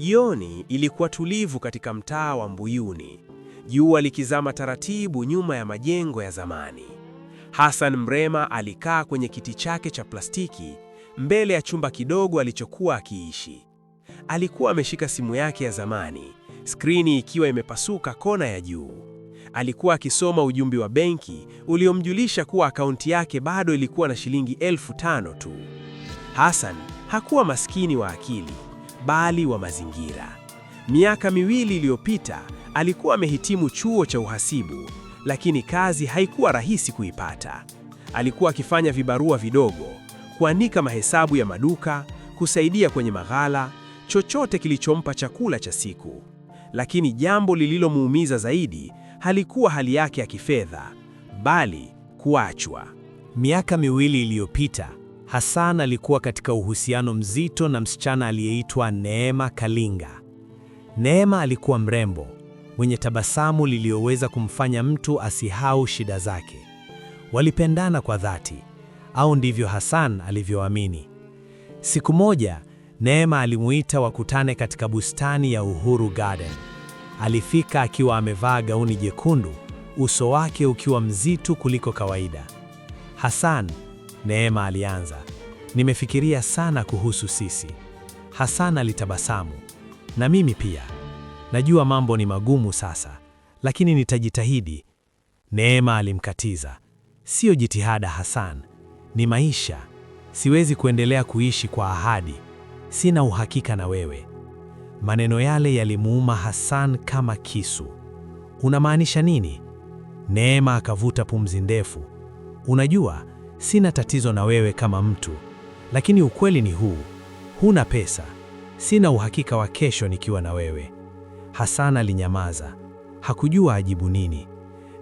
Jioni ilikuwa tulivu katika mtaa wa Mbuyuni. Jua likizama taratibu nyuma ya majengo ya zamani. Hassan Mrema alikaa kwenye kiti chake cha plastiki mbele ya chumba kidogo alichokuwa akiishi. Alikuwa ameshika simu yake ya zamani, skrini ikiwa imepasuka kona ya juu. Alikuwa akisoma ujumbe wa benki uliomjulisha kuwa akaunti yake bado ilikuwa na shilingi elfu tano tu. Hassan hakuwa maskini wa akili bali wa mazingira. Miaka miwili iliyopita alikuwa amehitimu chuo cha uhasibu, lakini kazi haikuwa rahisi kuipata. Alikuwa akifanya vibarua vidogo, kuandika mahesabu ya maduka, kusaidia kwenye maghala, chochote kilichompa chakula cha siku. Lakini jambo lililomuumiza zaidi halikuwa hali yake ya kifedha, bali kuachwa. Miaka miwili iliyopita Hassan alikuwa katika uhusiano mzito na msichana aliyeitwa Neema Kalinga. Neema alikuwa mrembo, mwenye tabasamu liliyoweza kumfanya mtu asihau shida zake. Walipendana kwa dhati, au ndivyo Hassan alivyoamini. Siku moja, Neema alimuita wakutane katika bustani ya Uhuru Garden. Alifika akiwa amevaa gauni jekundu, uso wake ukiwa mzito kuliko kawaida. Hassan, Neema alianza. Nimefikiria sana kuhusu sisi. Hassan alitabasamu. Na mimi pia. Najua mambo ni magumu sasa, lakini nitajitahidi. Neema alimkatiza. Sio jitihada Hassan, ni maisha. Siwezi kuendelea kuishi kwa ahadi. Sina uhakika na wewe. Maneno yale yalimuuma Hassan kama kisu. Unamaanisha nini? Neema akavuta pumzi ndefu. Unajua, sina tatizo na wewe kama mtu. Lakini ukweli ni huu, huna pesa, sina uhakika wa kesho nikiwa na wewe. Hassan alinyamaza, hakujua ajibu nini.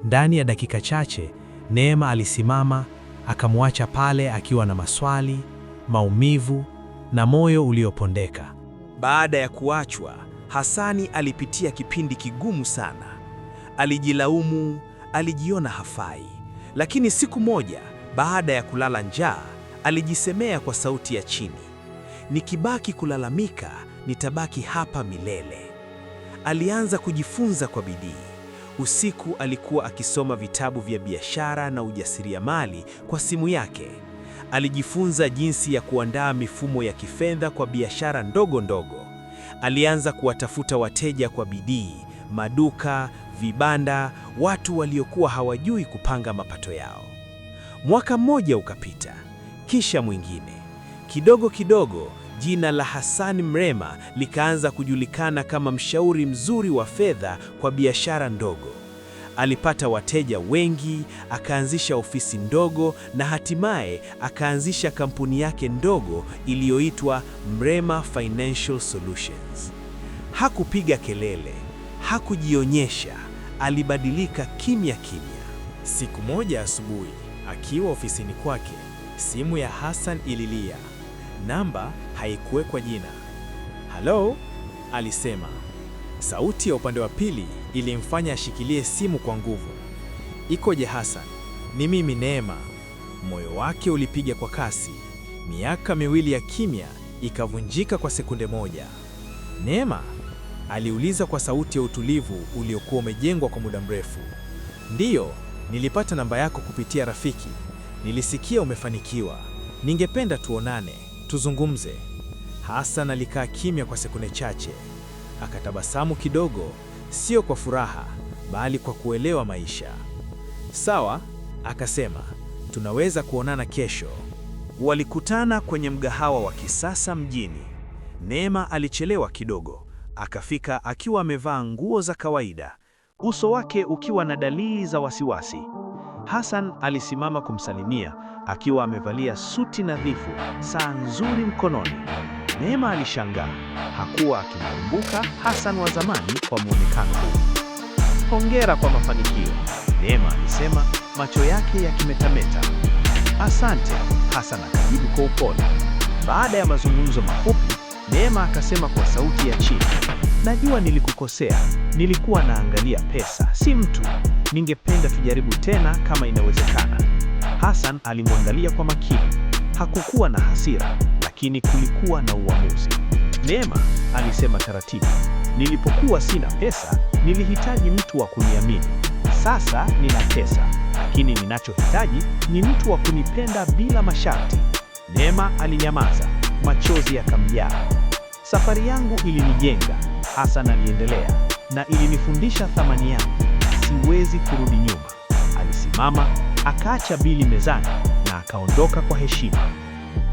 Ndani ya dakika chache, Neema alisimama, akamwacha pale akiwa na maswali, maumivu na moyo uliopondeka. Baada ya kuachwa, hasani alipitia kipindi kigumu sana. Alijilaumu, alijiona hafai. Lakini siku moja, baada ya kulala njaa, Alijisemea kwa sauti ya chini, nikibaki kulalamika nitabaki hapa milele. Alianza kujifunza kwa bidii. Usiku alikuwa akisoma vitabu vya biashara na ujasiriamali kwa simu yake. Alijifunza jinsi ya kuandaa mifumo ya kifedha kwa biashara ndogo ndogo. Alianza kuwatafuta wateja kwa bidii, maduka, vibanda, watu waliokuwa hawajui kupanga mapato yao. Mwaka mmoja ukapita kisha mwingine. Kidogo kidogo jina la Hassan Mrema likaanza kujulikana kama mshauri mzuri wa fedha kwa biashara ndogo. Alipata wateja wengi, akaanzisha ofisi ndogo na hatimaye akaanzisha kampuni yake ndogo iliyoitwa Mrema Financial Solutions. Hakupiga kelele, hakujionyesha, alibadilika kimya kimya. Siku moja asubuhi, akiwa ofisini kwake Simu ya Hassan ililia, namba haikuwekwa jina. Halo, alisema. Sauti ya upande wa pili ilimfanya ashikilie simu kwa nguvu. Ikoje Hassan? Ni mimi Neema. Moyo wake ulipiga kwa kasi. Miaka miwili ya kimya ikavunjika kwa sekunde moja. Neema? aliuliza kwa sauti ya utulivu uliokuwa umejengwa kwa muda mrefu. Ndiyo, nilipata namba yako kupitia rafiki Nilisikia umefanikiwa, ningependa tuonane, tuzungumze. Hassan alikaa kimya kwa sekunde chache, akatabasamu kidogo, sio kwa furaha, bali kwa kuelewa maisha. Sawa, akasema, tunaweza kuonana kesho. Walikutana kwenye mgahawa wa kisasa mjini. Neema alichelewa kidogo, akafika akiwa amevaa nguo za kawaida, uso wake ukiwa na dalili za wasiwasi. Hassan alisimama kumsalimia akiwa amevalia suti nadhifu, saa nzuri mkononi. Neema alishangaa, hakuwa akimkumbuka Hassan wa zamani kwa muonekano huu. Hongera kwa mafanikio, Neema alisema, macho yake yakimetameta. Asante, Hassan akajibu kwa upole. Baada ya mazungumzo mafupi, Neema akasema kwa sauti ya chini, najua nilikukosea, nilikuwa naangalia pesa, si mtu. Ningependa tujaribu tena kama inawezekana. Hassan alimwangalia kwa makini. Hakukuwa na hasira, lakini kulikuwa na uamuzi. Neema, alisema taratibu, nilipokuwa sina pesa, nilihitaji mtu wa kuniamini. Sasa nina pesa, lakini ninachohitaji ni mtu wa kunipenda bila masharti. Neema alinyamaza, machozi yakamjaa. Safari yangu ilinijenga, Hassan aliendelea, na ilinifundisha thamani yangu siwezi kurudi nyuma. Alisimama, akaacha bili mezani na akaondoka kwa heshima.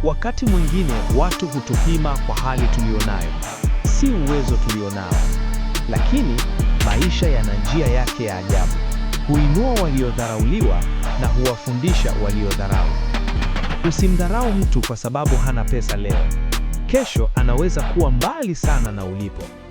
Wakati mwingine watu hutupima kwa hali tuliyonayo, si uwezo tulionao, lakini maisha yana njia yake ya ajabu. Huinua waliodharauliwa na huwafundisha waliodharau. Usimdharau mtu kwa sababu hana pesa leo, kesho anaweza kuwa mbali sana na ulipo.